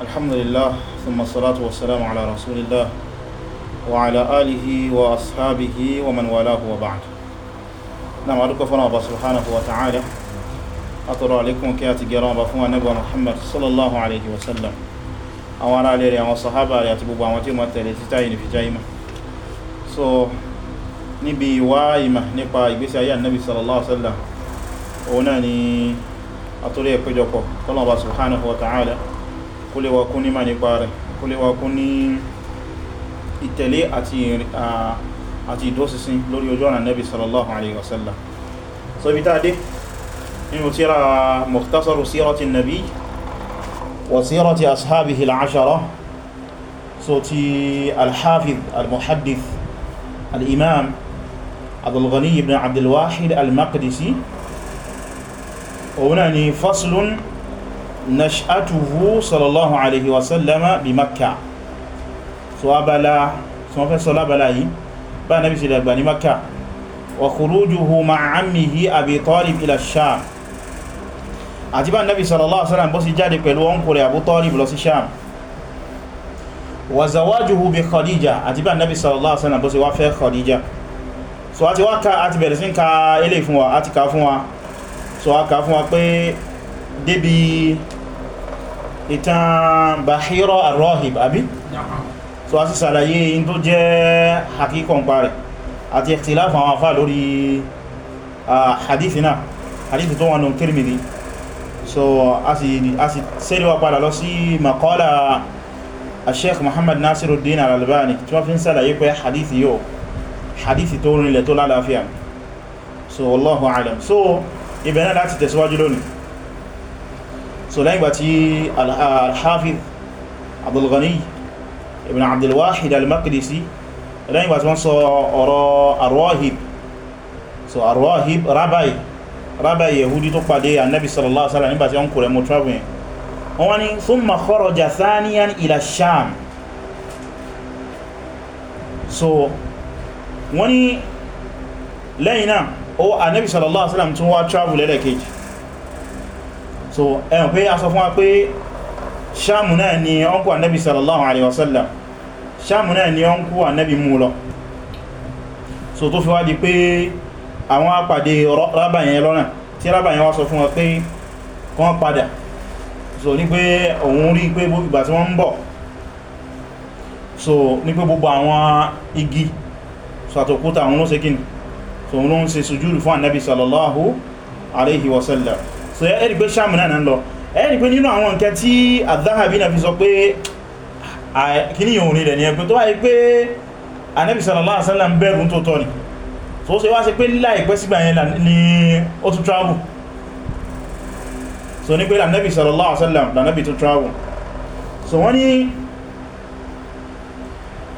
الحمد لله ثم الصلاة والسلام على رسول الله وعلى آله وأصحابه ومن والاه وبعد نعم أدوك فرابة سبحانه وتعالى أطرع لكم كيات جرابة فوى نبوى محمد صلى الله عليه وسلم أولا ليري وصحابة يتبوبا وتيمة لتتعين في جايمة so níbi ìwá ìmà nípa ìgbésí ayé annabi sallallahu alaihi wasallam òun náà ni àtúrí ẹ̀pẹ́jọpọ̀ tọ́lọ̀bà subhanahu wa ta'ala kó lè wakún ní ma nípa rẹ̀ kó lè wakún ní ìtẹ̀lé àti ìdóṣinṣin lórí ojú ọ̀nà nẹ́bí sallallahu alaihi wasallam so ibi táadé nínú tíra mukhtasaru sírati nabi wa sírati ashabihi al-ashara so ti al-hafiz al-muhaddith ibn abdulwahid al-maqdisi òun ni faslun nash'atuhu sallallahu alaihi wasallama bi makka so abala so wọ́n fẹ́ sọ lábala yìí bá nabi sí dàgbà ní makka wa khurujuhu ma'a ammihi abi talib ila sham àti bá nabi sallallahu alaihi wasallam bó sì jáde pẹ̀lú ọkùnrin abu talib lọ sí sham wa zawajuhu bi khadija àti bá nabi sallallahu alaihi wasallam bó sì wá fẹ́ khadija so àti wá ka àti bẹ̀rẹ̀ sí ka ilé fún wa àti ka fún wa so a ka fún wa pé débi ìtàn Bahira ar-Rahib àbí so a sì sàlàyé yìí tó jẹ́ hakikọ̀npa rẹ̀ àti ikhtilaf àwọn afá lórí hadithi náà hadithi tó wọnà Tirmidhi so a sì sẹ́lẹ̀wà padà lọ sí maqala Sheikh Muhammad Nasiruddin al-Albani tí wọ́n fi ń sàlàyé pé hadithi yóò hadithi tó rinlẹ̀ tó lálàáfíà so wallahu alam so ibẹ̀ náà láti tẹ̀síwájú lónìí so lẹ́yìn gbà tí al-Hafiz Abdul Ghani ibn Abdul Wahid al-Maqdisi lẹ́yìn gbà tí wọ́n sọ ọ̀rọ̀ ar so ar-Rahib rabai rabai yahudi tó pàdé annabi sallallahu alaihi wasallam nígbà tí wọ́n kò rẹ̀ mọ́ travel yẹn wọ́n wá ní thumma kharaja ila Sham so wọ́n ní lẹ́yìn náà o annabi sallallahu alaihi wasallam tún wá travel lẹ́lẹ́kejì so ẹ̀rùn pé a sọ fún wa pé ṣáàmù náà ni ọkù annabi sallallahu alaihi wasallam ṣáàmù náà ni ọkù annabi mú lọ so tó fi wá di pé àwọn apàdé rábà lọ́nà tí rábà wá sọ fún wa pé kán padà so ní pé òun rí pé ìgbà tí wọ́n ń bọ̀ so ní pé gbogbo àwọn igi so àwọn ló so òun ló ń ṣe sùjúrù fún annabi sallallahu alaihi wasallam so ẹ́rì pé sáàmù náà lọ ẹ́rì pé nínú àwọn nǹkan tí àdáhàbí náà fi sọ pé kíní yóò rí rẹ̀ ní ẹgbẹ́ tó wáyé pé anẹ́bì sallallahu alaihi wasallam bẹ̀rù tó tọ́ ni so ó ṣe wá sí pé láìpẹ́ sígbà yẹn ni ó tún travel so ní pé lànẹ́bì sallallahu alaihi wasallam lànẹ́bì tó travel so wọ́n ní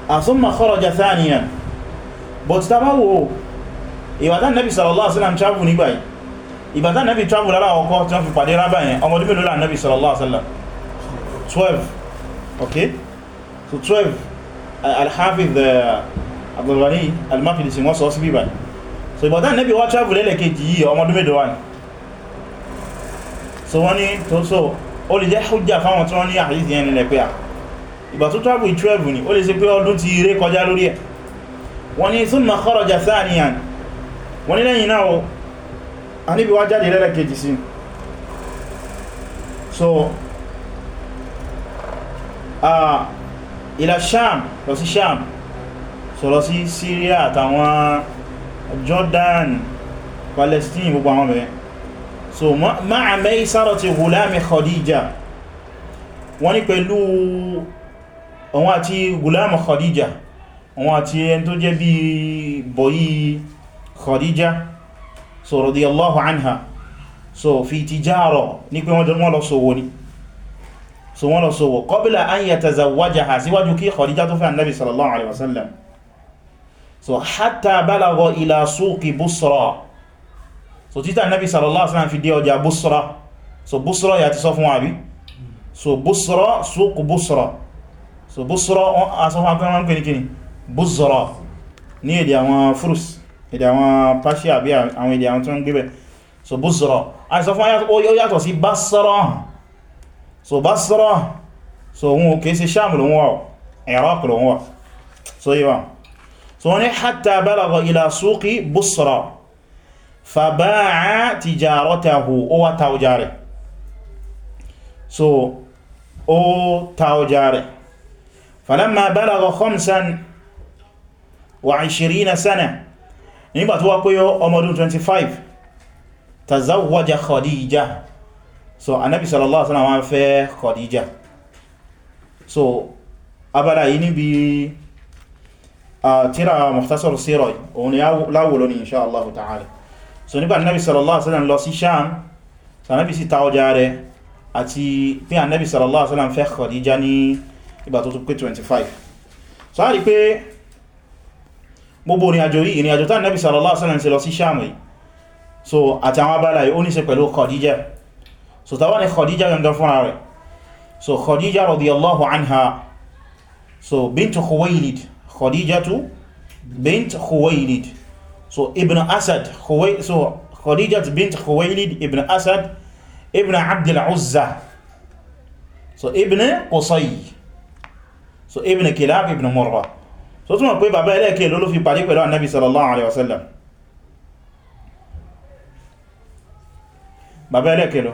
àsúnmà kharaja thaniyan but tabawo ìwàtán nẹ́bì sallallahu alaihi wasallam travel nígbà yìí ìgbàtà nẹ́bí travel lára ọkọ́ tí wọ́n fi pàdé rábà yẹn ọmọdé mélòó là nẹ́bí sallallahu alaihi 12 ok so 12 al-Hafiz uh, Abdul Ghani al-Maqdisi wọ́n sọ sí bíbá so ìgbàtà nẹ́bí wá travel lẹ́lẹ́kejì yìí ọmọdé mélòó wà ní so wọ́n ní tó so ó lè jẹ́ 12 ni ó lè ṣe pé ọdún ti ré kọjá lórí ẹ̀ wọ́n lẹ́yìn náà anábi wá jáde lẹ́lẹ́kejì sí so uh, ilẹ̀ sham lọ sí sham so lọ sí Syria àtàwọn Jordan Palestine gbogbo àwọn bẹ̀rẹ̀ so ma'a maisarati gulami Khadija wọ́n ní pẹ̀lú àwọn àti gulami Khadija àwọn àti ẹni tó jẹ́ bí bọ̀yí Khadija so radiyallahu anha so fi tijara ní pé wọ́n lọ ṣòwò ni so wọ́n lọ ṣòwò qabla an yatazawwajaha síwájú kí Khadija tó fẹ́ annabi sallallahu alaihi wasallam so hatta balagha ila suqi Busra so títà annabi sallallahu alaihi wasallam fi dé ọjà Busra so Busra ya ti sọ fún wa bí so Busra suq Busra so Busra a sọ fún akẹ́wọ́n kìnnì Busra ní èdè àwọn furus èdè àwọn Persia àbí àwọn èdè àwọn tó ń gbébẹ̀ so Busra a sọ fún ó yàtọ̀ sí Basra so Basra so wọn kìí sí Sham Iraq ló wọ́n so yíwa so wọ́n ni hatta balagha ila suqi Busra fa ba'a tijaratahu ó taujare so ó ta ọjà rẹ̀ falamma balagha khamsan wa sana nígbà tó wá pé ọmọdún 25 tazawwaja Khadija so anabi sallallahu alaihi wasallam fẹ́ Khadija so abala yìí níbi a tírà Mukhtasar Sira òun ni láwòlò ní insha Allah ta'ala so nígbà anabi sallallahu alaihi wasallam lọ sí Sham sanabi sí ta ọjà rẹ̀ àti pé anabi sallallahu alaihi wasallam fẹ́ Khadija ní ìgbà tó tó pé 25 so a rí pé gbogbo ìrìn àjò yìí ìrìn àjò tán Nabi sallallahu alaihi wasallam ṣe lọ sí Ṣáàmù yìí so àti àwọn abala yìí ó ní ṣe pẹ̀lú Khadija so tàwà ní Khadija gangan fúnra rẹ̀ so Khadija radiyallahu anha so bint Khuwaylid Khadija tu bint Khuwaylid so ibn Asad Khuway, so Khadija bint Khuwaylid ibn Asad ibn Abdul Uzza so ibn Qusay so ibn Kilab ibn Murrah so túnmọ̀ pé bàbá ẹlẹ́ẹ̀kẹ́ ló ló fi parí pẹ̀lú annabi sallallahu alaihi wasallam bàbá ẹlẹ́ẹ̀kẹ́ lọ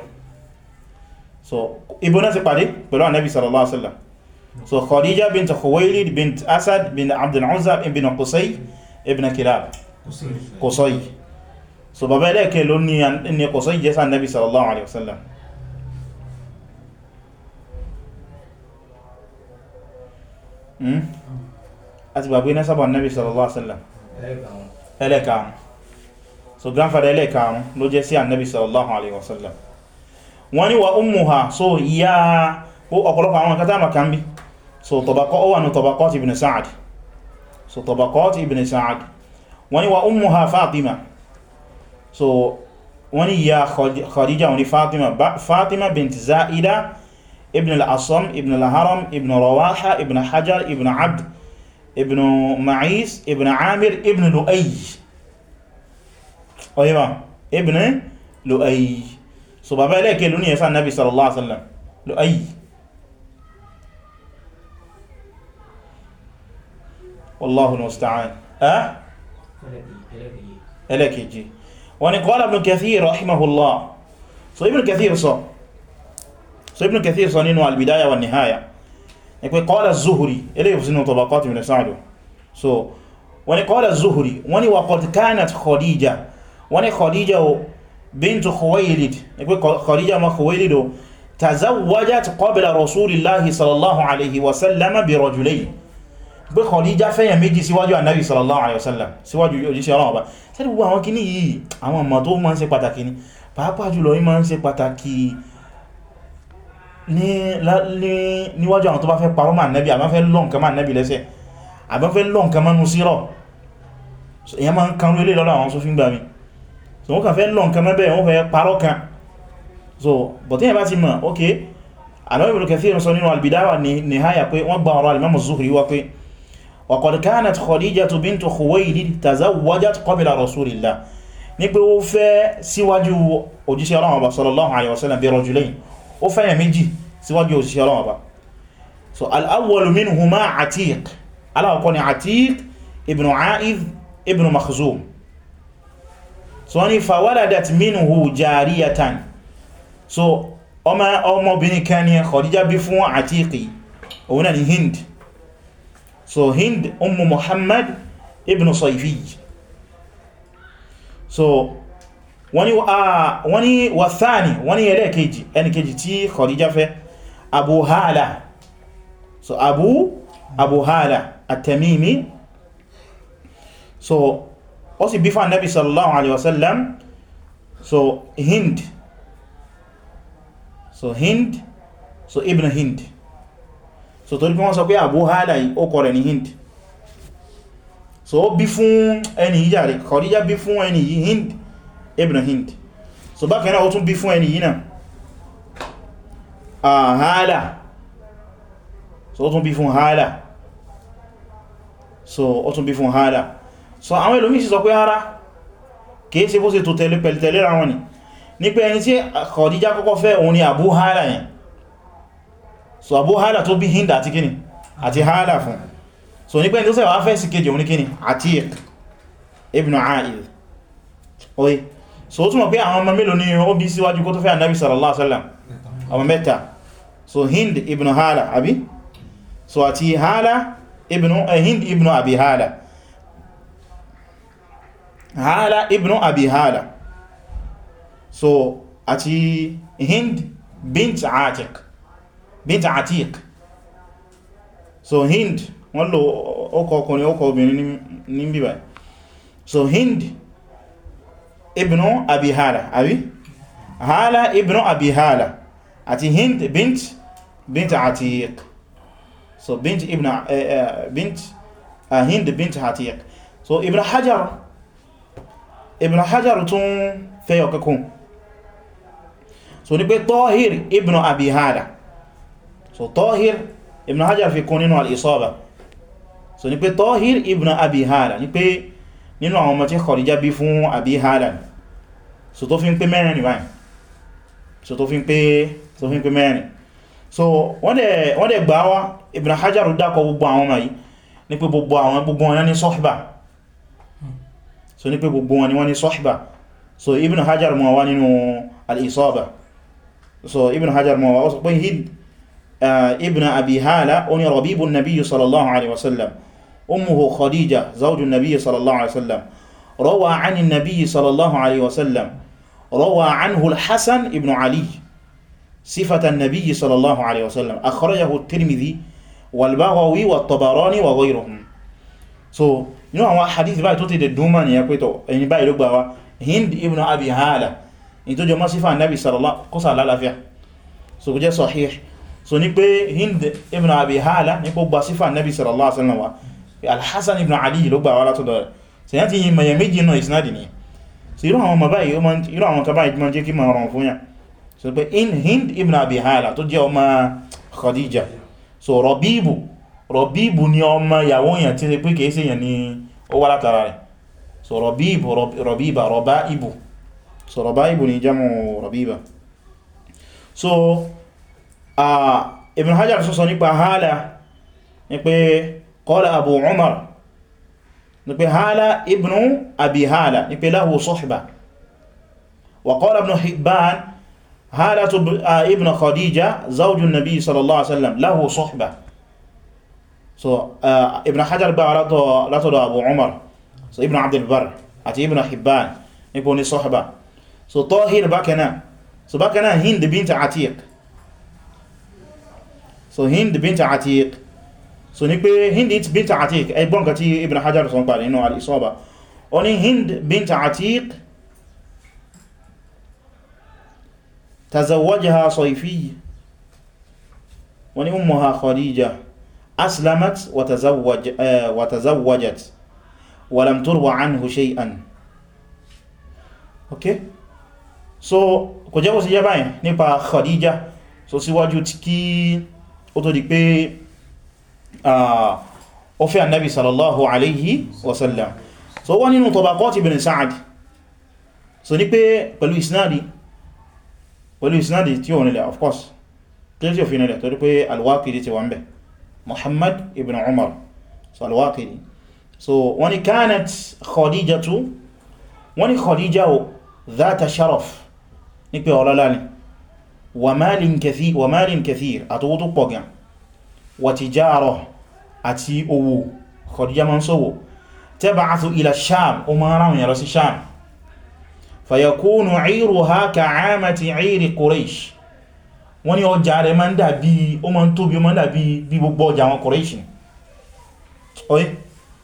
so ibo náà ti parí pẹ̀lú annabi sallallahu alaihi wasallam so khadija bint khuwailid bint asad bin abdul uzza ibn qusay ibn kilab qusay so bàbá ẹlẹ́ẹ̀kẹ́ ló ní qusay jẹ́ sàn annabi sallallahu alaihi wasallam Mm-hmm. àti gbàgbé nẹ́sàbà nẹ́bí sallallahu alaihi wasallam ẹlẹ́kàrún so grandfather ẹlẹ́kàrún ló jẹ́ sí ànẹ́bí sallallahu alaihi wasallam wọ́n ni wa ummuha so ìyá ọ̀pọ̀lọpọ̀ àwọn kátà makan bí so tọbakọ́ ó wà ní tọbakọ́ ti ibn sa'ad so tọbakọ́ ti ibn sa'ad wọ́n ni wa ummuha fatima so wọ́n ni ìyá khadija wọ́n ni fatima fatima bint za'ida ibn al-asam ibn al-haram ibn rawaha ibn hajar ibn abd ابن معيس ابن عامر ابن لؤي ايوه ابن لؤي صبابا لك لوني يا النبي صلى الله عليه وسلم لؤي والله المستعان اه لك يجي وان قال ابن كثير رحمه الله ابن كثير صو ابن كثير صنينه على البدايه والنهايه pé qala zuhuri eléyìí sínú tabaqat ibn sa'd so wọ́n ní qala zuhuri wọ́n ní wa qad kanat khadija wọ́n ní khadija o bintu khuwailid ní pé khadija ma khuwailid o tazawwajat qabla rasulillahi sallallahu alaihi wasallama bi rajulayn pé khadija fẹ́yàn méjì síwájú annabi sallallahu alaihi wasallam síwájú níwájú àwọn tó bá fẹ́ parọ́ máa nẹ́bí àbá fẹ́ lọ nǹkan máa nẹ́bí lẹ́sẹ̀ àbá fẹ́ lọ nǹkan mẹ́nu sírọ̀ èyàn máa ń kanú ilé lọ́la àwọn sófin gbàmí so wọ́n kàn fẹ́ lọ nǹkan mẹ́bẹ̀ wọ́n fẹ́ parọ́ kan so but èyàn bá ti mọ̀ ok àlọ́ ìbìlú kẹfí sọ nínú albidaya ni nihaya pé wọ́n gba ọ̀rọ̀ alimamu zuhri wa pé wa qad kanat khadijatu bintu khuwaylid tazawwajat qabla rasulillah ní pé ó fẹ́ síwájú òjíṣẹ́ ọlọ́run ọba sallallahu alaihi wasallam bi ó fẹ́yàn méjì síwájú òṣìṣẹ́ ọlọ́wọ́ so al-awwal minhuma Atiq aláwọ̀kọ́ ni Atiq ibn A'idh ibn Makhzum so wọ́n ni fawaladat minhu jariyatan so ọmọ ọmọbìnrin kan ni Khadija bí fún Atiqi òun ni Hind so Hind ummu Muhammad ibn Sayfi so wọ́n ni wàtháni ah, wọ́n ni ẹlẹ́ẹ̀kejì ẹnìkejì tí Khadija fẹ́ Abu Hala so Abu Abu Hala at so ó sì bí fún Ànábì sallallahu alaihi wasallam so Hind so Hind so Ibn Hind so torí wọ́n sọ pé Abu Hala ó kọ̀rẹ̀ ní Hind so ó bí fún ẹni yìí jàre Khadija bí fún ẹni yìí Hind ibn hind so bákan náà ó tún bí fún ẹni yìí àhálà so ó tún bí fún hálà so ó tún bí fún hálà so àwọn ẹlòmí sì sọ pé ara kìí ṣe bó ṣe tó tẹ̀lé pẹ̀lẹ̀tẹ̀lé ra wọn ni ní pé ẹni tí Khadija kọ́kọ́ fẹ́ òun ni àbú hálà yẹn so àbú hálà tó bí hind àti kíni àti hálà fún so ní pé ẹni tó sẹ́wàá fẹ́ sí kejì òun ní kíni Atiq ibn A'id oye so ó túnmọ̀ pé àwọn ọmọ mélòó ní ó bí síwájú kó tó fẹ́ ànábì sallallahu alaihi wasallam ọmọ mẹ́ta so hind ibn hala abi so àti hala ibn eh, hind ibn abi hala hala ibn abi hala so àti hind bint atik bint atik so hind wọ́n lò ọkọ̀ ọkùnrin ọkọ̀ obìnrin ní bíbá so hind ibn abi hala abi hala ibn abi hala àti hind bint bint atiq so bint ibna uh, bint uh, hind bint atiq so ibn hajar ibn hajar tún fẹ́ yọkakun so ní pé tahir ibn abi hala so tahir ibn hajar fi kún nínú al-isaba so ní pé tahir ibn abi hala ní pé nínú àwọn ọmọ tí Khadija bí fún Abi Halan so tó fi ń pé mẹ́rin nìbáyìí so tó fi ń pé tó fi ń pé mẹ́rin so wọ́n dẹ̀ gbà wá Ibn Hajar dákọ gbogbo àwọn ọmọ yìí ní pé gbogbo àwọn gbogbo wọn ní sọ́hbà so ní pé gbogbo wọn ni wọ́n ní sọ́hbà so Ibn Hajar mọ̀ wá nínú al so Ibn Hajar mọ̀ wá ó sọ pé Hind ah, ibn Abi Hala ó ní Rabibu an sallallahu alaihi wasallam أمه خديجة زوج النبي صلى الله عليه وسلم روى عن النبي صلى الله عليه وسلم روى عنه الحسن ابن علي صفة النبي صلى الله عليه وسلم أخرجه الترمذي والبغوي والطبراني وغيرهم so you know àwọn hadith báyìí tó the dẹ̀ dúnmà ní ẹkwẹ́tọ̀ ẹni báyìí ló gbà wá Hind ibn Abi Hala in tó jọ mọ́ sífà nabi kọsà lálàáfíà so kò sahih so ní pé Hind ibn Abi Hala ní kó gba sífà nabi sallallahu alaihi wasallam wa alhassan ibn ali ló gbà wá látọ̀dọ̀ rẹ̀ so yá ti yí mẹ̀yẹ méjì náà isnadi ni so irú àwọn mọ̀bá yìí irú àwọn kaba ìgbọ́n jẹ́ kí ma rọrùn fún yà so pé in hind ibn abi hala tó jẹ́ ọmọ khadija so rọ̀bíbù rọ̀bíbù ni ọmọ ìyàwó yẹn tí pé kìí sí yẹn ni ó wá látara rẹ̀ so rọ̀bíbù rọ̀bíbà rọ̀báìbù so rọ̀báìbù ni jamu rọ̀bíbà so ah, ibn hajar sọ nípa hala ni pé qala abu umar ní pé hala ibnu abi hala ní pé lahu sohba wa qala ibn hibban hala ibn khadija zawjun nabi sallallahu alaihi wasallam lahu sohba so ibn hajar gba látọ̀dọ̀ abu umar so ibn abdulbar àti ibn hibban ní pé ní sohba so tahir bákanáà so bákanáà hind bint atiq so hind bint atiq so ní pé Hind bint Atiq ẹgbọ́n nǹkan tí Ibn Hajar sọ ń parí nínú al-Isaba ó ní Hind bint Atiq tazawwajaha Sayfi wa ni ummuha Khadija aslamat wa tazawwajat wa lam turwa anhu shay'an okay so kò jẹ́ bó sì jẹ́ báyìí nípa Khadija so síwájú tí kí ó tó di pé Ah, ó fẹ́ annabi sallallahu alaihi wasallam so wọ́n nínú Tabaqat ibn Sa'd so ní pé pẹ̀lú isnadi pẹ̀lú isnadi tí ó nílẹ̀ of course tí ó fi nílẹ̀ torí pé al-Waqidi ti wọ́n bẹ̀ Muhammad ibn Umar so al-Waqidi so wọ́n ní kanat Khadija tu wọ́n ní Khadija o dhata sharaf ní pé ọlọ́lá ni wa malin kathir àtọwótó pọ̀ gan wa tijara àti owó Khadija ma ń sọ́wọ́ tab'athu ila Sham o ma ráhùn yà lọ sí Sham fayakunu 'ayruha ka'amati 'ayri Quraysh wọ́n ní ọjà rẹ̀ ma ń dàbí o ma ń tóbi o ma ń dàbí bí gbogbo ọjà wọn Quraysh ni oye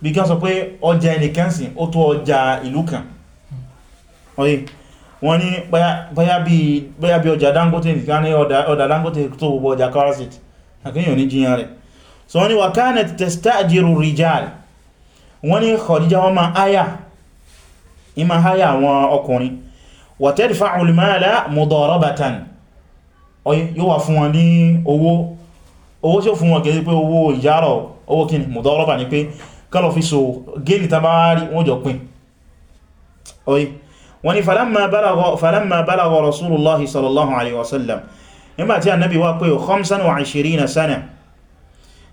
bí kí wọ́n sọ pé ọjà ẹnìkan sí ó tó ọjà ìlú kan oye wọ́n ní báyá ọjà Dangote nìkan ní ọ̀dà Dangote tó gbogbo ọjà Karasit àkíyàn ní jíyàn rẹ̀ so wọ́n ni wà kanat tastajiru rijal wọ́n ni Khadija wọ́n ma haya ima haya wọn ọkùnrin wa tadfa'u al-mala mudarabatan yóò wà fún wọn ní owó owó tí ó fún wọn gẹ̀ẹ́ pé owó ìjárọ̀ owó kí ni mudaraba ni pé kọ́lọ̀ fi so gẹ́lì tabari wọ́n jọ pín oye wọ́n ni falamma balagha rasulullahi sallallahu alaihi wasallam nígbàtí annabi wá pé 25 sana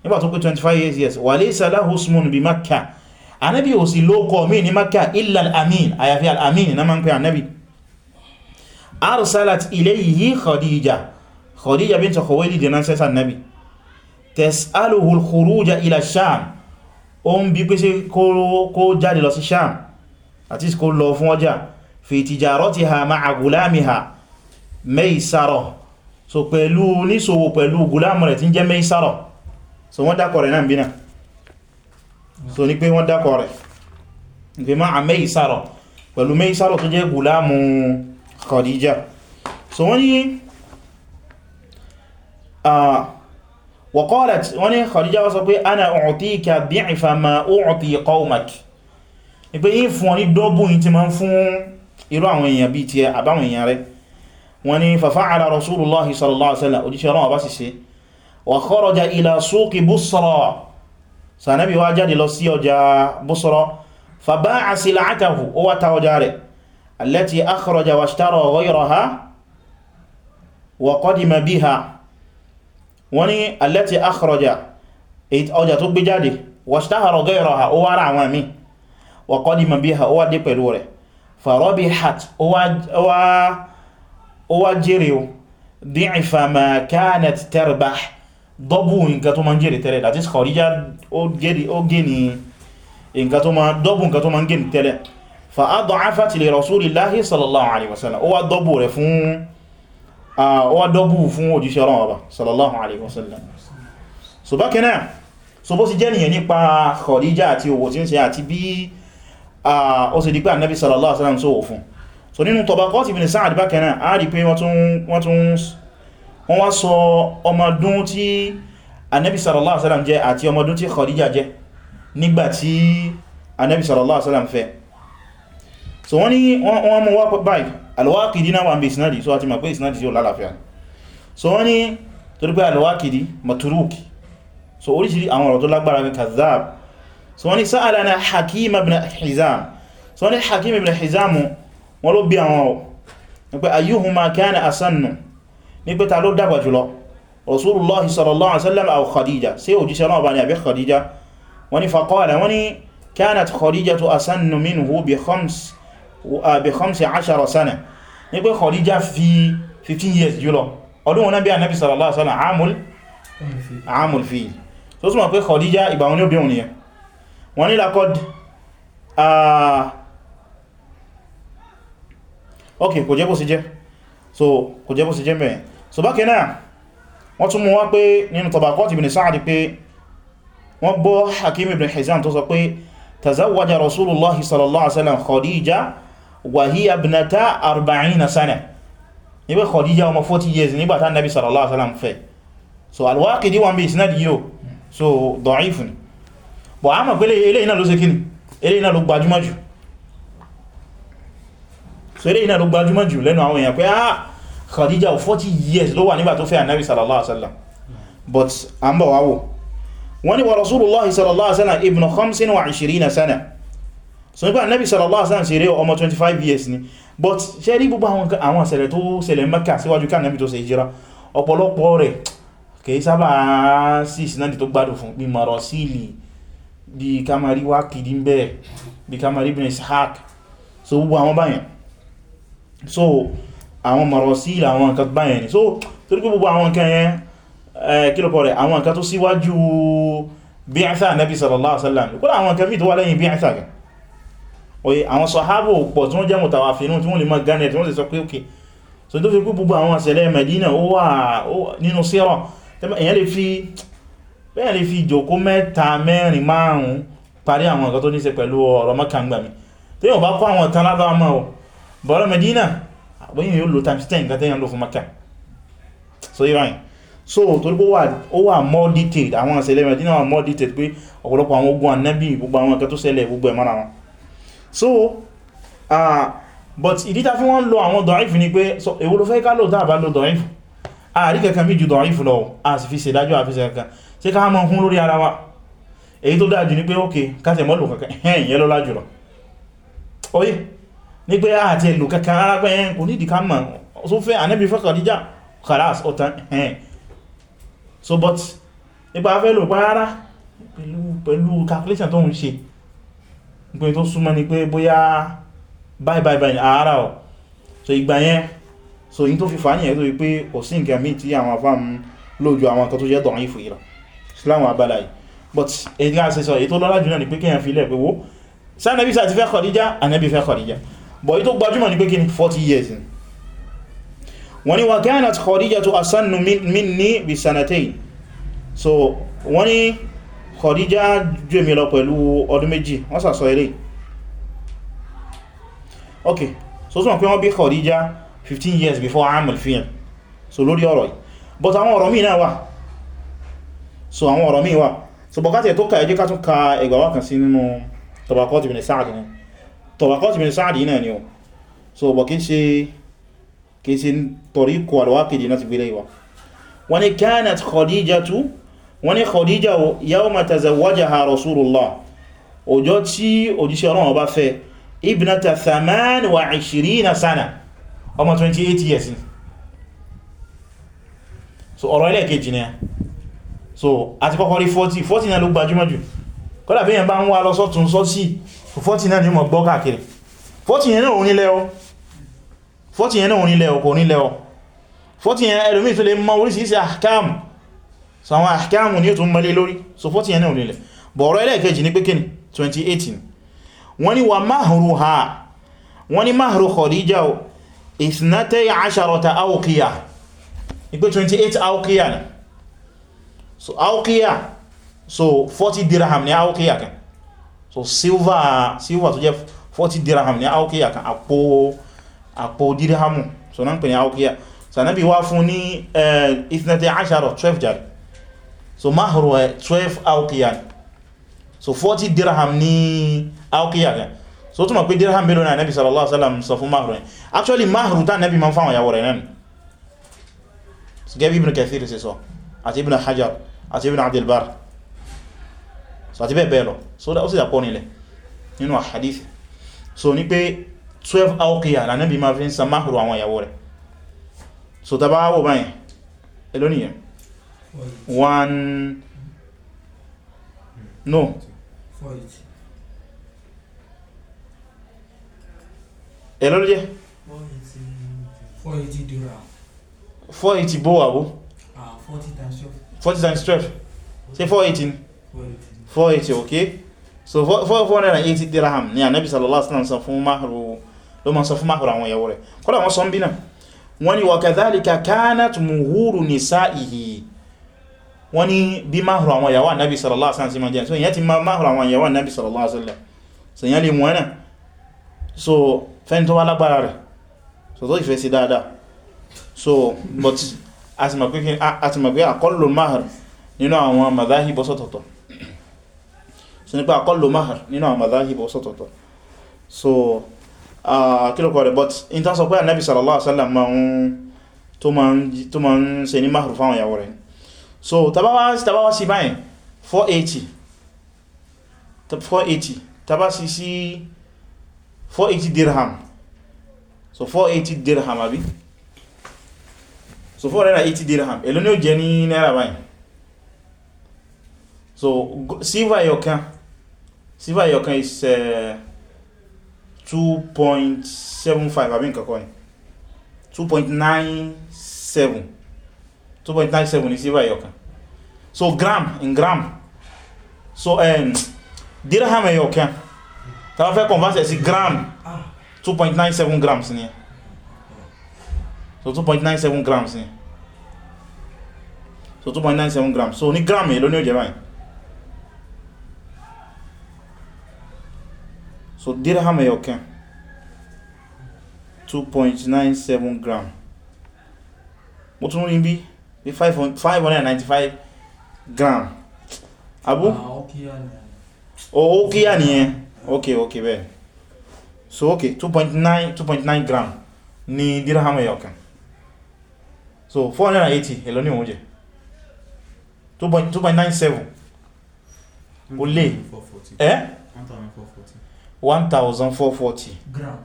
nígbà tó 25 years yes wà lè sàlá husmun bí makka anábi ò sí lókọ mí ní makka illa al-amin àyàfi al-amin na máa ń pè anábi arsalat ilayhi khadija khadija bint khuwaylid dina sẹ́sà anábi tes'aluhu al-khuruja ila sham o ń bí pèsè kó jáde lọ sí sham àti pẹ̀lú níṣòwò pẹ̀lú gulamu rẹ̀ tí ń jẹ́ maysara so wọ́n dákọ̀ rẹ̀ náà bí náà so ní pé wọ́n dákọ̀ rẹ̀ pé má a mẹ́ ìsàrọ̀ pẹ̀lú mẹ́ ìsàrọ̀ tó jẹ́ gùlámù Khadija so wọ́n ni wa qalat wọ́n ni Khadija wọ́n sọ pé ana u'tika bi'fa ma u'ti qawmak ìpé yí fún ọní dọ́bù yí ti ma ń fún irú àwọn èèyàn wa kharaja ila suqi Busra sànábì wá jáde lọ sí ọjà Busra fa ba'a sil'atahu ó wá ta ọjà rẹ̀ allati akhraja washtara ghayraha wa qadima biha wọ́n ní allati akhraja ọjà tó gbé jáde washtara ghayraha ó wá dọ́bù nǹkan tó ma ń jèrè tẹ́lẹ̀ that is Khadija ó gẹ́ni nǹkan tó ma dọ́bù nǹkan tó ma ń gẹ́ni tẹ́lẹ̀ fa adha'afat li rasulillahi sallallahu alaihi wasallam ó wá dọ́bù rẹ̀ fún ó wá dọ́bù fún òjíṣẹ́ ọ̀rọ̀ ọba sallallahu alaihi wasallam so bákan náà so bó sì jẹ́ nìyẹn nípa Khadija àti owó tí ń ṣe àti bí ó sì dípẹ́ wọ́n wá sọ ọmọdún tí Ànábì sallallahu alaihi wasallam jẹ́ àti ọmọdún tí Khadija jẹ́ nígbàtí Ànábì sallallahu alaihi wasallam fẹ́ so wọ́n ní wọ́n mú wá báyìí Al-Waqidi náà wà ń bí ìsinadi so àti màpé ìsinadi sí ò lálàáfíà so wọ́n ní torí pé Al-Waqidi maturuki so oríṣìí àwọn ọ̀rọ̀ tó lágbára ní kazab so wọ́n ní sa'alana Hakim ibn Hizam so wọ́n ní Hakim ibn Hizam wọ́n ló bí àwọn ọ̀ pé ayyuhuma kana asannu ní pé ta ló dàgbà jùlọ rasulullahi sallallahu alaihi wasallam aw khadija ṣé òjíṣẹ́ náà bá ní àbí khadija wọ́n ní faqala wọ́n ní kanat khadijatu asannu minhu bi khams bi khamsi ashara sana ní khadija fi 15 years jùlọ ọdún wọn bí anabi sallallahu alaihi wasallam amul amul fi so tún mọ̀ pé khadija ìgbà wọn ni ó bí òun nìyẹn wọ́n so bákan náà wọ́n tún mú wá pé nínú Tabaqat ibn Sa'd pé wọ́n gbọ́ Hakim ibn Hizam tó sọ pé tazawwaja Rasulullahi sallallahu alaihi wasallam Khadija wa hiya ibnata arba'ina sana níbẹ̀ Khadija ọmọ 40 years nígbàtá nabi sallallahu alaihi wasallam fẹ́ so al-Waqidi wọn bí isnad yíò so da'ifun bọ̀ a mọ̀ pé ilé iná ló ṣe kíni ilé iná ló gbajúmọ̀ so ilé iná ló gbajúmọ̀ lẹ́nu àwọn èèyàn pé ah Khadija 40 years ló wà nígbà tó fẹ́ ànábì sallallahu alaihi but a ń bọ̀ wáwò wọ́n ni wa rasulullahi sallallahu alaihi wasallam ibn khamsin wa ishirina sana so nípa 25 years ni but ṣe rí gbogbo àwọn ṣẹlẹ̀ tó ṣẹlẹ̀ Mẹ́kà síwájú ká ànábì tó ṣe ìjira ọ̀pọ̀lọpọ̀ rẹ̀ kìí sábà sí ìsinádi tó gbádùn fún bí marosili bí kamari bí kamari bin ishaq so gbogbo àwọn báyẹn so àwọn marasil àwọn nǹkan bá ni so torí pé gbogbo àwọn nǹkan yẹn eh, kílòpọ̀ rẹ̀ àwọn nǹkan tó síwájú bi'tha nabi sallallahu alaihi wasallam kódà àwọn nǹkan mìí tó wá lẹ́yìn bi'tha gan oye àwọn sọ̀hábò pọ̀ tí wọ́n jẹ́ mutawafirun tí so tó fi pé gbogbo àwọn àṣẹlẹ̀ Medina ó wà nínú síra èyàn lè fi bẹ́ẹ̀ lè fi ìjòkó mẹ́ta mẹ́rin márùn-ún parí àwọn nǹkan tó ní ṣe pẹ̀lú ọ̀rọ̀ mọ́kàngbàmí tí yóò bá kọ́ àwọn tán lábá mọ́ bọ̀rọ̀ Medina wẹ́yìn yóò lò times 10 nǹkan tẹ́yàn lò fún maka so iran so torí ó wà more detailed àwọn ìṣẹ̀lẹ̀ Mẹ́dínà wà more detailed pé ọ̀pọ̀lọpọ̀ àwọn ogun annabi gbogbo àwọn nǹkan tó ṣẹlẹ̀ gbogbo ẹ̀mọ́ra wọn so ah, but ìdíta fi wọ́n lo àwọn dọ̀ífù ni pé so èwo ló fẹ́ ká lò tá bá lo dọ̀ífù ààrí kankan bí ju dọ̀ífù lọ a sì fi ṣèdájọ́ àfisẹ̀ kankan sí ká mọ̀ hún lórí ara wa èyí tó dájú ni pé ókè ká tẹ̀mọ́ lò kankan ẹ̀yìn yẹ́ lọ́lá jùlọ oye ní pé ah, àti ẹlù kankan rárá pé ẹn kò nídìí ká mọ̀ so fẹ́ ànẹ́bí fẹ́ Khadija khalas ọ̀tán ẹn so but nípa fẹ́ lò pá rárá pẹ̀lú calculation tó ń ṣe pé tó súnmọ́ ni pé bóyá bye bye ara ọ̀ so ìgbà yẹn so yí tó fi fà yẹn tó wí kò sí nǹkan míì bọ̀ yí tó gbajúmọ̀ ní pé kí ní 40 years wọ́n ní wa kanat khadijatu asannu minni bi sanatayn so wọ́n ní khadija jù mí lọ pẹ̀lú ọdún méjì wọ́n sàsọ eré ok so súnmọ̀ pé wọ́n bí khadija 15 years before amal fiyan so lórí ọ̀rọ̀ yìí but àwọn ọ̀rọ̀ míì náà wà so àwọn ọ̀rọ̀ míì wà so bọ̀kátẹ̀ tó ka ẹjẹ́ ká tún ka ẹgbàwà kan sí nínú tabaqat ibn Sa'd ni Tabaqat bin Sa'di náà ni o so bọ̀ kí ṣe tariqu al-Waqidi náà ti gbé lẹ́yìnwá wọ́n ni kanat Khadijatu wọ́n ni Khadija yawma tazawwajaha Rasulullah ọjọ́ tí òjíṣẹ́ Ọlọ́run bá fẹ́ ibnata thaman wa 20 sana ọmọ 28 years so ọ̀rọ̀ ilẹ̀ kejì ni so àti kọ́kọ́ 40 40 náà ló gbajúmọ̀ kọ́lá bí yẹn bá ń wá lọ sọ́tún sọ́sí so 40 náà ni mọ̀ gbọ́ káàkiri 40 yẹn náà ò nílẹ̀ ọ 40 yẹn náà ò nílẹ̀ ọ kò nílẹ̀ ọ 40 yẹn ẹlòmí tó lè mọ orísìírísìí àkáàmù so àwọn àkáàmù ní ètò mọ́lé lórí so 40 yẹn náà ò nílẹ̀ bọ̀ọ̀rọ̀ ẹlẹ́ẹ̀kejì ní pékín 2018 wọ́n ni wà máhùrù ha wọ́n ni máhùrù Khadija o ìsinátẹ́ àṣàrọ̀ta aukiya ipé 28 aukiya ni so aukiya so 40 dirham ni aukiya kan so silver silver tó jẹ́ 40 dirham ní aukiya kan àpò àpò dirham. so náà ń pè ní aukiya so anábi wá fún ní eh, ìtìnàtẹ̀ àṣàrọ̀ 12 jari so mahru 12 aukiya so 40 dirham ní aukiya kan so tó mọ̀ pé dirham mélòó náà anábi sallallahu alaihi wasallam sọ fún mahru yẹn actually mahru tá anábi ma ń fáwọn ìyàwó rẹ̀ náà gẹ́bí ibn kathir sí sọ àti ibn hajar àti ibn abdulbar so àti bẹ́ẹ̀ bẹ́ẹ̀ lọ so ó sì dàpọ̀ nílẹ̀ nínú àhàdífì so ní pé 12 alkiya lànàbí ma fi ń san máhùrù àwọn ìyàwó rẹ̀ so ta bá wò báyìí elónìyàn 1 no 40 ẹ̀lọ́ ló jẹ́ 480 dora 480 bó wà bó 40 ah, times 12 40 times 12 say 418 480 480 okay so 480 dirham ni anabi sallallahu alaihi wasallam fún mahru ló ma sọ fún mahru àwọn ìyàwó rẹ̀ kọ́lá wọn sọ ń bínà wọ́n ni wa kadhalika kanat muhuru nisa'ihi wọ́n ni bí mahru àwọn ìyàwó anabi sallallahu alaihi wasallam jẹ́ so ìyẹn ti mahru àwọn ìyàwó anabi sallallahu alaihi wasallam so ìyẹn lè mú ẹ̀nà so fẹ́ni tó wá lágbára rẹ̀ so tó ìfẹ́ sí dáadáa so but a ti mọ̀ pé àkọlù mahru nínú àwọn madáhìbọ́sọ̀tọ̀tọ̀ so nípa aqallu mahar nínú àwọn madhahib sọ́tọ̀tọ̀ so kílùkọ̀ rẹ̀ but in terms of pé Ànábì sallallahu alaihi wasallam tó ma ń ṣe ní mahar fáwọn ìyàwó rẹ̀ so tabawa sí báyìí 480 Taba tabawa sí sí 480 dirham so 480 dirham abi. so 480 dirham èló ni ó jẹ́ ní náírà báyìí so silver yọ̀kan sífà ẹyọkan is 2.75 uh, àbí nǹkan kan 2.97 2.97 ni sífà ẹyọkan so gram in gram so um, dirham ẹyọkan tàbí fẹ́ convert sí gram 2.97 grams ni so 2.97 grams ni so 2.97 grams so ní gram èlò ní ó jẹ́ báyìí so dirham ẹyọkan eh, 2.97 gram mo tún rí bí 595 gram abú owó ah, kíyà nìyẹn ok ok bẹ́ẹ̀ so ok 2.9 2.9 gram ní dirham ẹyọkan eh, so 480 èlò ní oúnjẹ 2.97 ó lè ẹ́ 1440 1440 gram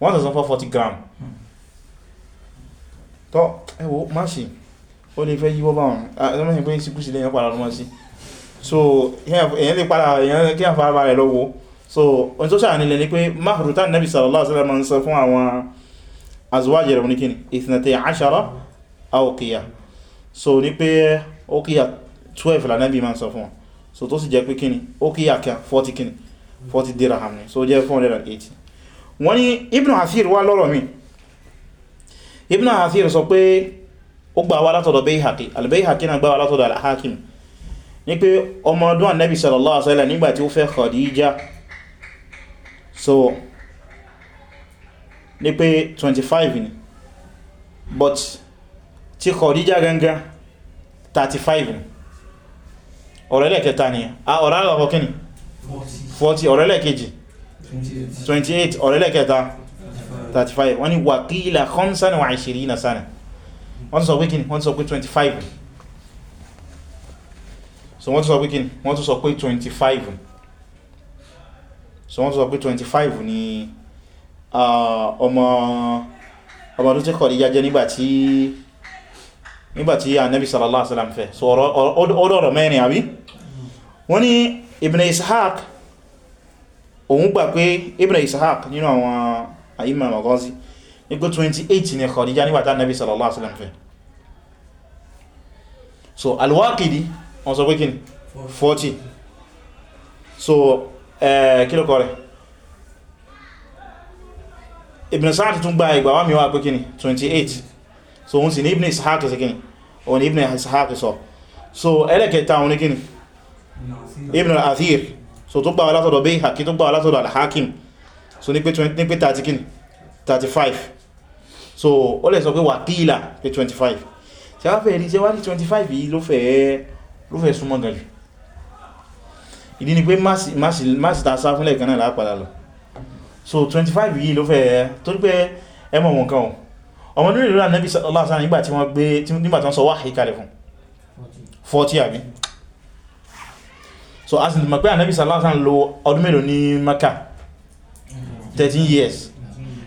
1440 gram hmm. tọ́ ẹwọ má ṣe ó lè fẹ́ yíwọ́ báwọn ah, ẹ̀lọ́mọ̀ pé síkú sílẹ̀ èyàn padà lọ́mọ́ sí so èyàn lè padà èyàn kí àfà ara rẹ̀ lọ́wọ́ so ohun tó ṣàrà nílẹ̀ ni pé mahruta nabi sallallahu alaihi wasallam sọ fún àwọn azwájẹ̀ rẹ̀ ní kíni ìtìnàtẹ̀ àṣàrà àwòkìyà so ní pé ókìyà 12 lànàbí ma sọ fún wọn so tó sì jẹ́ pé kíni ókìyà 40 kini. 40 dirham ni so jẹ́ 480 wọ́n ní ibn Athir wá lọ́rọ̀ mi ibn Athir sọ pé ó gbà wá látọ̀dọ̀ Bayhaqi al-Bayhaqi náà gbà wá látọ̀dọ̀ al-Hakim ní pé ọmọ ọdún annabi sallallahu alaihi wasallam nígbàtí ó fẹ́ Khadija so ní pé 25 ni but ti Khadija gangan 35 ni ọ̀rẹ́lẹ̀ kẹta ni a ọ̀rẹ́ àkọ́kọ́ kí ni 40 ọ̀rẹ́lẹ̀ kejì 28 ọ̀rẹ́lẹ̀ kẹta 35 wọ́n ní wàkílà khamsan wa ishirina sana wọ́n sọ pé kíni wọ́n sọ pé 25 so wọ́n sọ pé kíni wọ́n sọ pé 25 so wọ́n sọ pé 25 ni ọmọ ọmọ tó tí Khadija jẹ́ nígbàtí nígbàtí Ànábì sallallahu alaihi wasallam fẹ́ so ọdọ́rọ̀ mẹ́rin àbí wọ́n ní Ibn Ishaq òun gbà pé ibn ishaq nínú àwọn àyíma maghazi ní pé 28 ni khadija nígbàtà nabi sallallahu alaihi wasallam fẹ́ so alwaqidi wọ́n sọ pé kí 40 so kí ló kọ ibn sa'ad tún gba ìgbà wá mi wá pé kí 28 so òun sì ní ibn ishaq sí kí ni ibn ishaq sọ so ẹlẹ́kẹta òun ní kí ni ibn al Azir so tó gbà wá látọ̀dọ̀ bẹ́ ìhàkí tó gbà wá látọ̀dọ̀ alhakim so ní pé 30 35 so ó lè sọ pé wà kíìlà pé 25 tí a fẹ́ rí tí a wá rí 25 yìí ló fẹ́ súnmọ́ gajù ìdí ni pé máàsì ta sá fúnlẹ̀ kan náà lápàdà lọ so 25 yìí ló fẹ́ tó ní pé ẹmọ wọn kan ọmọ nílùú ìrìnà nẹ́bí sallallahu alaihi wasallam nígbà tí wọ́n sọ wáhì kalẹ̀ fún 40 àbí so as in the pé ànábì sallallahu alaihi wasallam lò ọdún mélòó ní 13 years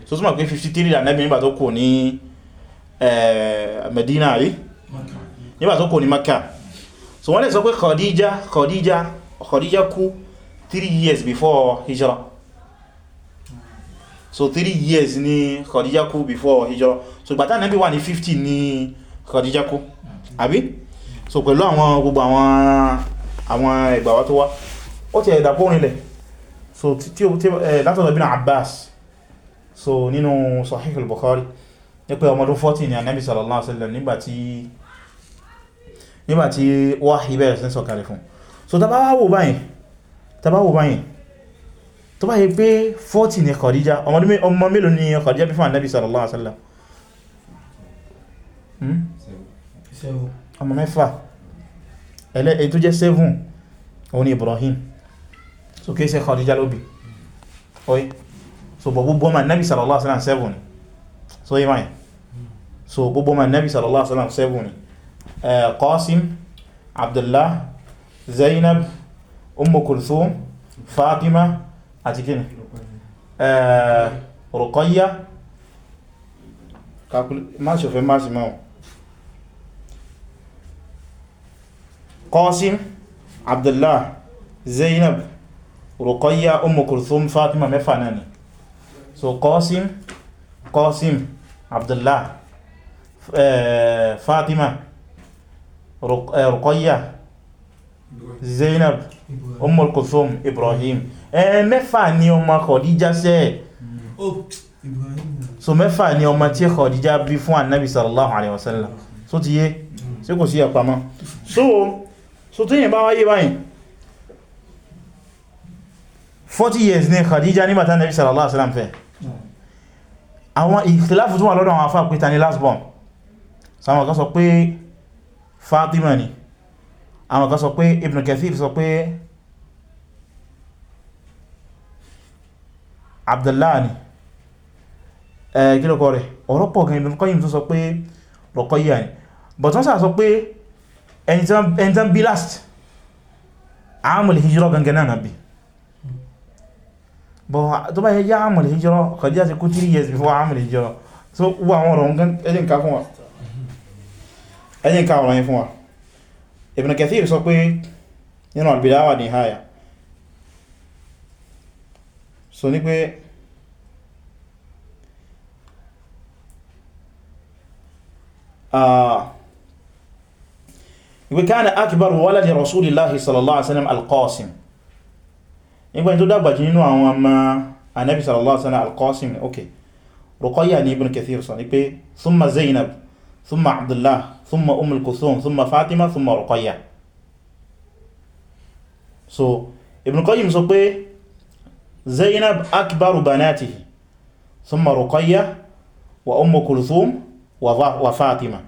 so túnmọ̀ pé 53 ànábì nígbà tó kò ní eh, Medina rí nígbà tó kò ní Mẹ́kà so wọ́n lè sọ pé Khadija Khadija Khadija kú 3 years before hijra so 3 years ni Khadija kú before hijra so gbàtà ànábì wà ní 50 ni Khadija kú Abi. so pẹ̀lú àwọn gbogbo àwọn àwọn ìgbàwà tó wá ó ti ẹ̀dà kórin lẹ̀ so tí ó tí látọ̀dọ̀ bí na Abbas so nínú Sahih al-Bukhari ní pé ọmọdún 14 ni Ànábì sallallahu alaihi wasallam nígbàtí nígbàtí wahyi bẹ̀rẹ̀ sí sọ̀kalẹ̀ fún so tàbá wò báyìí tàbá wò báyìí tó bá yẹ pé 40 ni Khadija ọmọ mélòó ni Khadija bí fún Ànábì sallallahu alaihi wasallam hmm? ọmọ mẹ́fà èyí tó jẹ́ 7 òun ni Ibrahim so kí ṣe Khadija ló bí oye so bọ̀ gbogbo ọmọ nabi sallallahu alaihi wasallam 7 ni so yí báyìí so gbogbo ọmọ nabi sallallahu alaihi wasallam 7 ni Qasim Abdullah Zainab Ummu Kulthum Fatima àti kíni Ruqayya máa ṣọ̀fẹ́ máa sì Qasim Abdullah Zainab Ruqayya Umm Kulthum Fatima mẹ́fà náà ni so Qasim Qasim Abdullah eh, Fatima eh, Ruqayya Zainab Umm Kulthum Ibrahim eh, mẹ́fà ni ọmọ Khadija sẹ́ so mẹ́fà ni ọmọ tí Khadija bí fún annabi sallallahu alaihi wasallam so ti yé sí kò sí ẹ̀pàmọ́ so so tí yìnbá wáyé báyìí 40 years ní Khadija ní mata nabi sallallahu alaihi wasallam fẹ́ àwọn ìtìláfù tún wà lọ́dọ̀ àwọn afá pé ta last born sáwọn kan sọ pé Fatima ni àwọn kan sọ pé Ibn Kathir sọ pé Abdullah ni ẹ̀ẹ́gílọ́kọ̀ eh, rẹ̀ ọ̀rọ̀pọ̀ gan Ibn Qayyim tún sọ pé Ruqayya ni but sà sọ pé ẹni tán bí last àmàlì hijira gangan náà bí bọ̀ tó bá yẹ yá àmàlì hijira Khadija ti kú 3 years before àmàlì hijira so wú àwọn ọ̀rọ̀ nǹkan ẹjìn ká fún wa ẹjìn ká ọ̀rọ̀ yẹn fún wa Ibn Kathir sọ pé nínú al-Bidaya wa Nihaya so ní pé ah ìgbé kana akbar waladi rasulillahi sallallahu alaihi wasallam alqasim nígbà tó dàgbà jù nínú àwọn ọmọ anabi sallallahu alaihi wasallam alqasim ok ruqayya ni ibn kathir sọ ni pé thumma zainab thumma abdullah thumma umul kuthum thumma fatima so ibn qayyim sọ pé zainab akbaru banatihi thumma ruqayya wa ummu kulthum wa fatima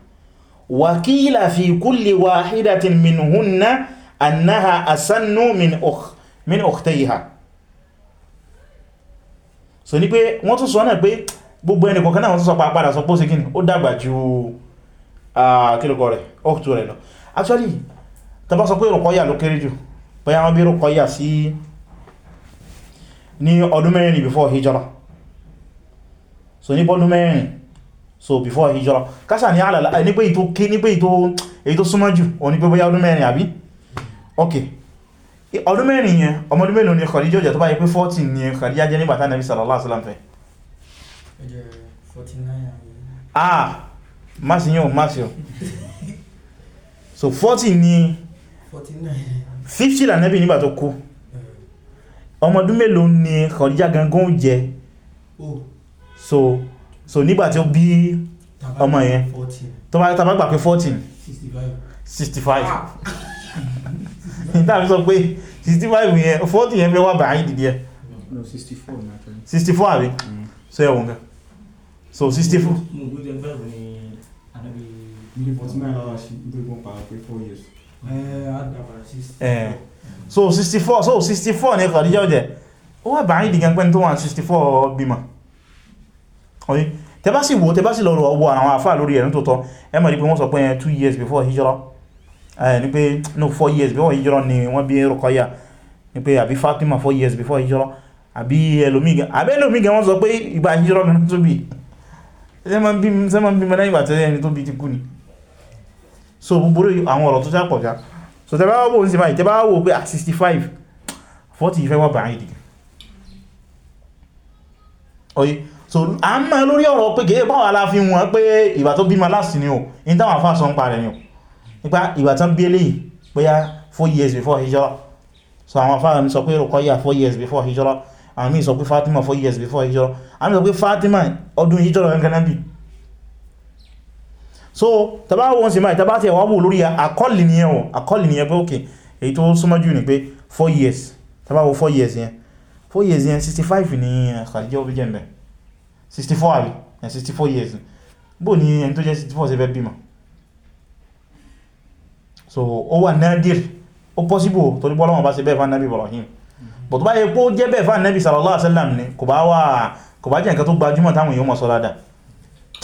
وقيل في كل واحدة منهن أنها أسن من أخ من أختيها so ní pé wọ́n tún sọ náà pé gbogbo ẹni kọ̀ọ̀kan náà wọ́n tún sọ pàápàá sọ pọ́ sí kíni ó dàgbà ju kílùkọ́ rẹ̀ ọ̀tù rẹ̀ lọ actually tàbá sọ pé Ruqayya ló kéré jù bóyá wọ́n bí Ruqayya sí ní ọdún mẹ́rin before hijra so ní bọ́dún mẹ́rin so before hijra kásà ní àlàlá la pé ìtò to? ní pé èyí tó súnmọ́ jù o ní pé bóyá ọdún mẹ́rin àbí ok ọdún mẹ́rin yẹn ọmọ ọdún mẹ́rin ní Khadija jẹ́ tó bá yẹ pé 14 ní Khadija jẹ́ nígbàtá nàbí sallallahu alaihi wasallam fẹ́ ah máṣe yóò máṣe yóò so 14 ní 50 lànẹ́bì nígbà tó kú eh. ọmọ ọdún mélòó ní Khadija gangan jẹ́ oh. so so nígbà tí ó bí ọmọ yẹn tó bá tàbá gbà pé 14 65 ìtàbí sọ pé 65 yẹn 40 yẹn fẹ́ wà bá ayé dìdí ẹ 64 àbí so ẹwọ̀n gan so 64 so 64 so 64 ní Khadija ó jẹ́ ó wà bá ayé dìgan pẹ́ tó wà 64 bímọ ọ̀yí tẹbá sì wo tẹbá sì lọ wọ àwọn àfáà lórí ẹ̀rùn tó tọ́ ẹ mọ̀ ní pé wọ́n sọ pé 2 eh, years before hijra ẹ̀ eh, ní pé no 4 years before hijra ni wọ́n bí Ruqayya ní pé àbí Fatima 4 years before hijra àbí ẹlòmígan àbẹ́ ẹlòmígan wọ́n sọ pé ìgbà hijra ni tó bí ṣe ma ń bí mẹ́lẹ́ ìgbà tẹ́lẹ̀ ẹni tó bí ti kú ni so gbogbo àwọn ọ̀rọ̀ tó sápọ̀ já so tẹ́bá wọ́n sí báyìí tẹ́bá wọ́n pé 65 40 ìfẹ́ wọ́n bàáyìí so a ń máa lórí ọ̀rọ̀ pé kìí báwọn aláfin wọn pé ìgbà tó bímọ láti ní o in táwọn afá sọ ń pa rẹ̀ ni o nípa ìgbà tán bí eléyìí bóyá 4 years before hijra so àwọn afá mi sọ pé Ruqayya 4 years before hijra àwọn míì sọ pé Fatima 4 years before hijra àwọn míì sọ pé Fatima ọdún hijra gangan bí so tàbá wọn sì máa ìtàbá tí ẹwà wò lórí àkọlì ni ẹwọ̀n àkọlì ni ẹ pé òkè èyí tó súnmọ́ jù ní pé 4 years tàbá wo 4 years yẹn 4 years yẹn 65 ni Khadija ó bí jẹ́ mẹ́ 64 àrí ẹ̀ 64 years bó ní ẹni tó jẹ́ 64 ṣe fẹ́ bímọ so ó wà nadir ó possible torí bọ́lọ́wọ́n bá ṣe bẹ́ẹ̀ fún Nabi Ibrahim mm-hmm. but bá yẹ pé ó jẹ́ bẹ́ẹ̀ fún Nabi sallallahu alaihi wasallam ni kò bá wà kò bá jẹ́ nǹkan tó gbajúmọ̀ táwọn èèyàn mọ̀ sọ dáadáa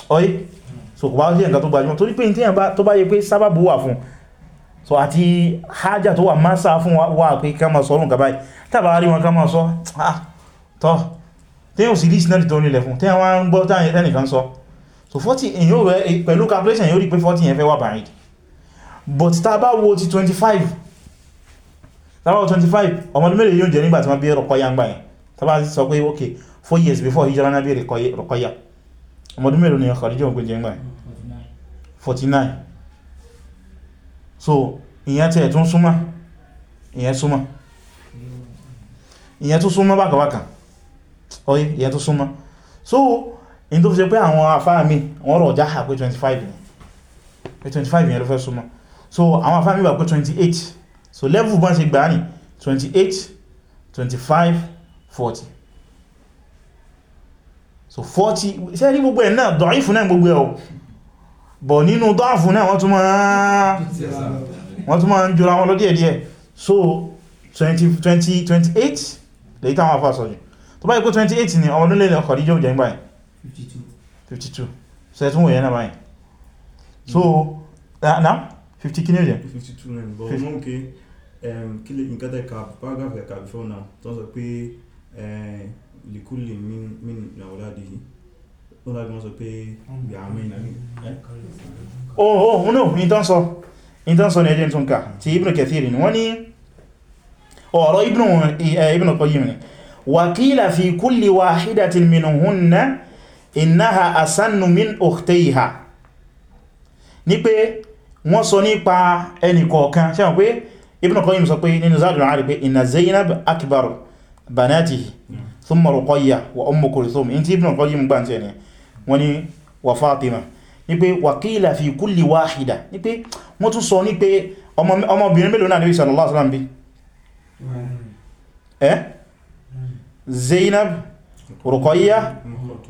ọyí mm-hmm. so kò bá jẹ́ nǹkan tó gbajúmọ̀ torí pé ní tíyàn tó bá yẹ pé sábàbù wà fún so àti hájà tó wà máa sá fún wa pé ká máa sọ ọ́rùn kàbáyì rí wọn ká máa sọ ah tọ́ téyàn sì listen tó nílẹ̀ fún téyàn wá ń gbọ́ táyẹ̀ tẹ́nìkan sọ so 40 èyàn rẹ̀ pẹ̀lú calculation yóò rí pé 40 yẹn fẹ́ wà bàáyìí but tá bá 25 tá bá 25 ọmọdún mẹ́rin yóò jẹ́ nígbà tí wọ́n bí Ruqayyah ń gbà yẹn tá bá sọ years before hijira náà bí Ruqayyah ọmọdún mẹ́rin ni Khadija ògbé jẹ́ ń gbà yẹn 49 so ìyẹn tẹ̀ tún súnmọ́ ìyẹn súnmọ́ ìyẹn tún súnmọ́ bákàbákà oye ìyẹn tó súnmọ́ so in tó fi ṣe pé àwọn afá mi wọ́n rọ̀ jáhà pé 25 yẹn pé 25 yẹn ló fẹ́ súnmọ́ so àwọn afá mi gbà pé 28 so level bọ́n ṣe gbà ní 28 25 40 so 40 ṣe rí gbogbo ẹ̀ náà dọ̀ífù náà gbogbo ẹ̀ o bọ̀ nínú dọ́ọ̀fù náà wọ́n tún máa ń jọra wọn lọ díẹ̀díẹ̀ so 20, 20, 28 lè tàwọn afá sọ yìí tó bá ikú 28 ni ọmọdún lè lọ́kọ̀ díjọ́ jẹ́ gbáyìí 52 so ẹ̀tún wòye náà báyìí so na 50 kí ní ó jẹ́ 52 rẹ̀ bọ̀ mọ́ kí kí lè nǹkan tẹ́ ka paragraph ẹ̀ka before now tó sọ pé eh, likuli min na ọ̀làdì yìí ó lágbé wọ́n sọ pé yàmí oh, oh oh no ìtàn sọ ní ẹjẹ́ tún ká ti Ibn Kathir ni wọ́n ní ọ̀rọ̀ Ibn eh, Qayyim ni وقيل في كل واحدة منهن إنها أسن من أختيها ní pé wọ́n sọ nípa ẹnìkọ̀ọ̀kan ṣe wọ́n pé Ibn Qayyim sọ pé nínú Zadul Ma'ad pé inna Zainab akbar banatihi thumma Ruqayya wa Ummu Kulthum in ti Ibn Qayyim gbà tí ẹni wọ́n ni wa Fatima ní pé wa qila fi kulli wahida ní pé wọ́n tún sọ ní pé ọmọbìnrin mélòó náà Nabi zainab ruqayya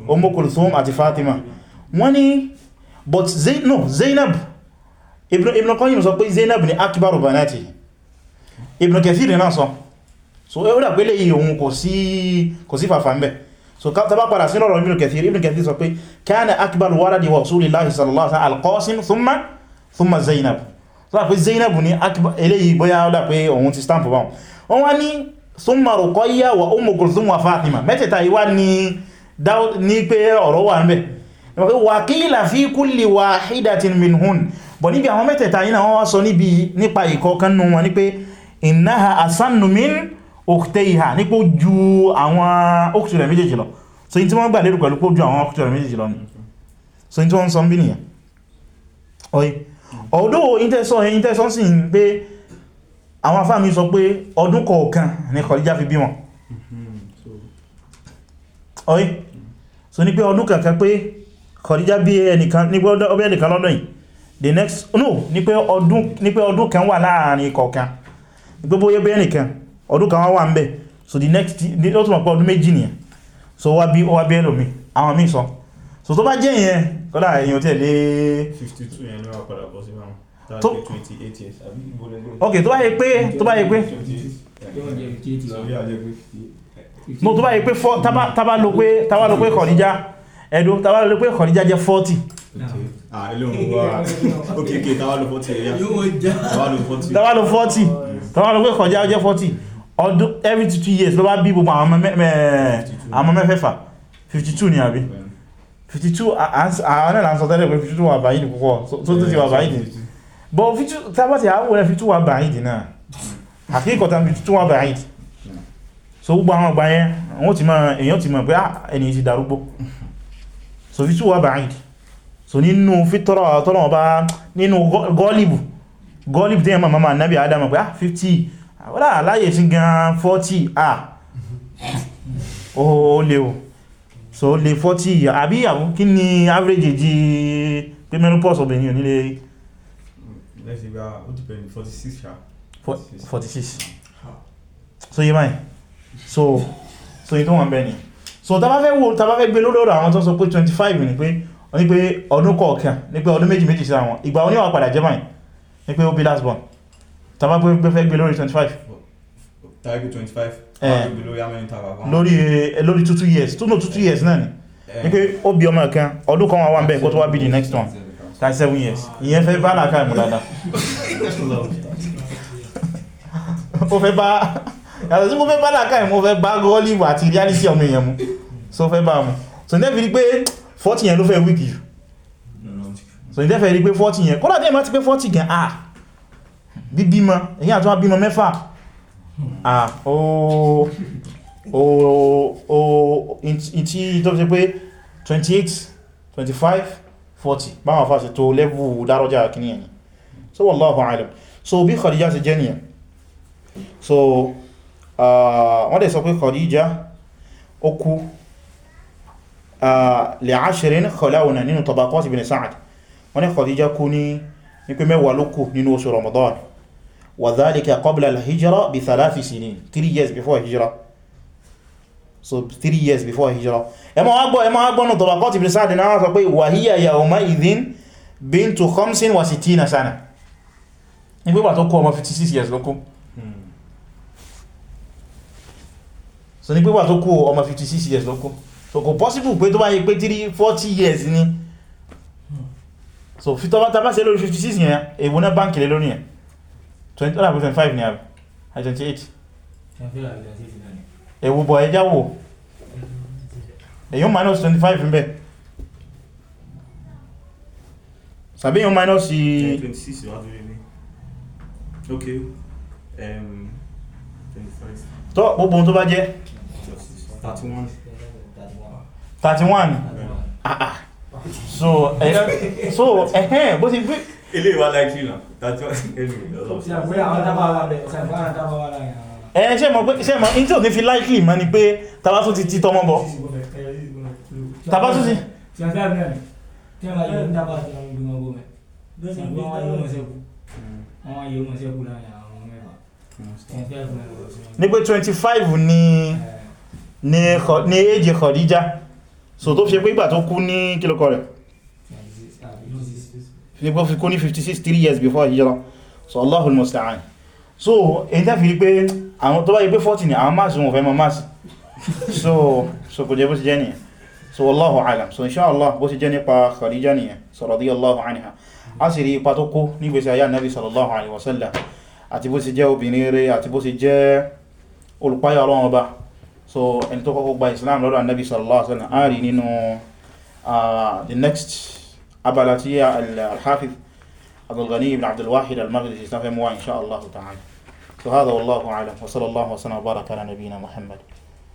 umu kulthum àti fatima wọ́n ní but zainab no zainab ibn ibn qayyim sọ pé zainab ni akbaru banati ibn kathir náà sọ so ẹ wọ́n pẹ̀lẹ̀ yìí òun kò sí kò sí fàfà mẹ́ so ta bá padà sí lọ́rọ̀ ibn kathir ibn kathir sọ pé kana akbaru waladi wa rasulillahi sallallahu alaihi wasallam alqasim thumma thumma zainab so pé zainab ni akbar eléyìí bóyá ó pé òun ti stamp báwọn wọ́n wá súnmọ̀ Ruqayya wà Ummu Kulthum wà Fatima mẹ́tẹ̀ta ìwá ní pé ọ̀rọ̀ wà ń bẹ̀ wa qila fi kulli wahidatin minhun bọ̀ níbi àwọn mẹ́tẹ̀ta yìí wọ́n wá sọ níbi nípa ìkọ̀ọ̀kan nù wọn ní pé innaha asannu min ukhtayha nípò ju àwọn òkútù rẹ̀ méjèèjì lọ so in tí wọ́n gbà lérò pẹ̀lú pò àwọn afáàmì sọ pé ọdún kọ̀ọ̀kan ní Khadija fi bímọ ọ̀yí so ní pé ọdún kankan pé Khadija bí ẹnìkan ní pé ọbẹ̀ ẹnìkan lọ́dún yìí the next no ní pé ọdún kan wà láàrin kọ̀ọ̀kan ní pé bóyẹ́ bẹ́ẹ̀ nìkan ọdún kan wà ń bẹ̀ so the next ó túnmọ̀ pé ọdún méjì nìyẹn so wá bí wá bí ẹlòmí àwọn míì sọ so tó bá jẹ́ ìyẹn kọ́lá èyàn tẹ̀lé 52 yẹn ló wà padà bọ́ sí tó ok tó bá yẹ pé tó bá yẹ pé no tó bá yẹ pé tàbá ló pé tàbá ló pé kọ̀níjá ẹ̀dùn tàbá ló pé kọ̀níjá jẹ́ 40 tàbá ló 40 tàbá ló pé kọ̀níjá jẹ́ 40 ọdún every two years ló bá bí gbogbo àwọn mẹ́fẹ́fà 52 ni àbí 52 àwọn ẹ̀lànsọ̀tẹ́lẹ̀ pé 52 wà báyìí púpọ̀ tó tó ti wà báyìí bọ̀ tàbátì a ẹ̀ fi túwà bàáyìdì náà àkíkọ̀ta fi túwà bàáyìdì so gbogbo àwọn ọgbà yẹn wọ́n ti máa èyàn ti máa pé ah, ẹni ti darúgbó so fi túwà bàáyìdì so nínú fítọ́rọ̀ tọ́lọ̀wọ́ bá nínú gọ́ọ̀lìbù gọ́ọ̀lìbù tí yẹn mọ̀ nábi adama pé 50 ah, wọ́lá aláyè sí gan 40 ah o o so le 40 àbí àwọn kí ni average jí pé menopause obìnrin ò nílé let's say we are ó dìpẹ́ forty six ṣá. forty six so yé báyìí so so yìí tó wọ́n bẹ́ẹ̀ ni so tá bá fẹ́ wo tá bá fẹ́ gbé lórí ọ̀rọ̀ àwọn tó sọ pé twenty five ni pé ní pé ọdún kọ̀ọ̀kan ní pé ọdún méjì méjì sí àwọn ìgbà oníwà padà jẹ́ báyìí ní pé ó bí last born tá bá gbé fẹ́ gbé lórí twenty five tàbí 25 lórí two 2 years two no two two years náà ni eh. ní pé ó bí ọmọ kan ọdún kan wà wà ń bẹ́ẹ̀ kó tó wá bí the next one 37 years ìyẹn fẹ́ bá làkà ìmú dada ó fẹ́ bá yàtọ̀ sí kó fẹ́ bá làkà ìmú fẹ́ bá gọ́ọ̀lìwò àti reality ọmọ èèyàn mú so fẹ́ bá mú so ní ẹ̀fìrí pé 40 yẹn ló fẹ́ wíkì jù so ní ẹ̀fẹ́ rí pé 40 yẹn kọ́lá dẹ́mà ti pé 40 gan ah bíbímọ èyí àtún àbímọ mẹ́fà ah ooo ooo ooo ìtí tó fi pé 28 25 40 báwọn fásitì tó lẹ́bù dárọjá kìíní ẹni so wallahu alam so bí Khadija ṣe jẹ́ nìyẹn so uh, wọ́n dẹ̀ sọ pé Khadija ó kú uh, li ashrin khalawna nínú tabaqat ibn Sa'd wọ́n ní Khadija kú ní pé mẹ́wàá ló kú nínú oṣù Ramadan 3 years before hijra so three years before hijra ẹ máa gbọ́ ẹ máa gbọ́ nu Tabaqat ibn Sa'd náà sọ pé wa hiya yawma idhin bintu khamsin wa sittina sana nígbé wà tó kọ́ ọmọ 56 years lókún so nígbé wà tó kọ́ ọmọ 56 years lókún so kò possible pé tó bá yẹ pé 40 years ni so fitọ́bá tàbá sí lórí 56 yẹn èwo náà báńkì lé lórí yẹn 25 ni àbí 28 ẹ̀wùbọ̀ ẹjá wò èyàn minus 25 ń bẹ̀ sàbí èyàn minus 26 wà lórí ní ok um, 25 tó gbogbo tó bá jẹ́ 31 31 ah ah so ẹ̀yàn so ẹ̀hẹ́n bó ti gbé ilé ìwà láìkí náà 31 ẹ̀lú ìlọ́lọ́sí ẹ̀yẹn ṣe mọ̀ in tí ò ní fi likely mọ́ ni pé tabátú ti ti tọmọ bọ̀ tabátú ti ní pé 25 ni ní èjì Khadija so tó fi pé ìgbà tó kú ní kílùkọ rẹ̀ ní pé fi kú ní 56 3 years before hijra so Allahul musta'an so èyí tẹ́ fi rí pé àwọn tó bá yí pé 40 ni àwọn máàsì wọn fẹ́ mọ́ máàsì so so kò jẹ́ bó ti jẹ́ nìyẹn so wallahu alam so inshallah bó ti jẹ́ nípa Khadija nìyẹn so radiyallahu anha a sì rí ipa tó kó nígbésí ayá nabi sallallahu alaihi wasallam àti bó ti jẹ́ obìnrin rẹ̀ àti bó ti jẹ́ olùpáyà Ọlọ́run ọba so ẹni tó kọ́kọ́ gba Islam lọ́dọ̀ annabi sallallahu alaihi wasallam a rí nínú uh, the next abala tí al-Hafiz أبو الغني بن عبد الواحد المغربي سنفهمها إن شاء الله تعالى فهذا والله أعلم وصلى الله وسلم وبارك على نبينا محمد